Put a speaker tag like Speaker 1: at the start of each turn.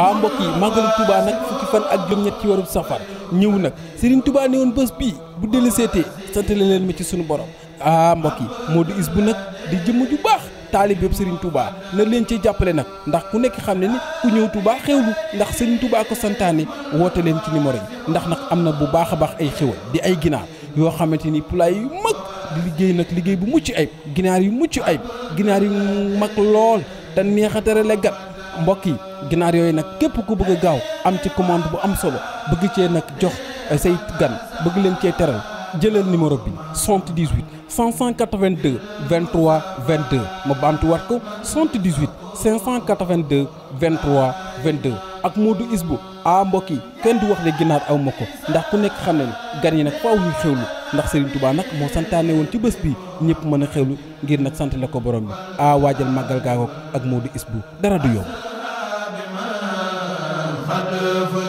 Speaker 1: ah mbokk yi màggalu Touba nag fukki fan ak juróom-ñett ci warub safar ñëw nag Serigne tubaa ne woon bés bii bu dellu seetee santale leen ma ci sunu borom ah mbokk yi moo di is bu nag di jëmm ju baax taalib yëpp sëriñ Touba na leen ci jàppale nag ndax ku nekk xam ne ni ku ñëw Touba xewlu ndax Serigne Touba ko santaane woote leen ci numéro yi ndax nag am na bu baax a baax ay xewal di ay ginaar yoo xamante ni pulaay yu mag di liggéey nag liggéey bu mucc ayib ginaar yu mucc ayib ginaar yu mag lool te neex a tere legat mbokk yi ginaar yooyu nag képp ku bëgg a gaaw am ci commande bu am solo bëgg cee nag jox euh, say gan bëgg leen cee teral jëlal numéro bi 78 582 23 22 ma baamtuwaat ko 78 582 23 22 ak Modou Isbu ah mbokk yi kenn du wax ne ginaar aw ma ko ndax ku nekk xam gan yi nag faaw ñu xewlu ndax Serigne Touba nag moo santaane woon ci bés bi ñëpp mën a xewlu ngir nag sant la ko borom bi ah waajal màggal gaagoog ak Modou Isbu dara du yomb. la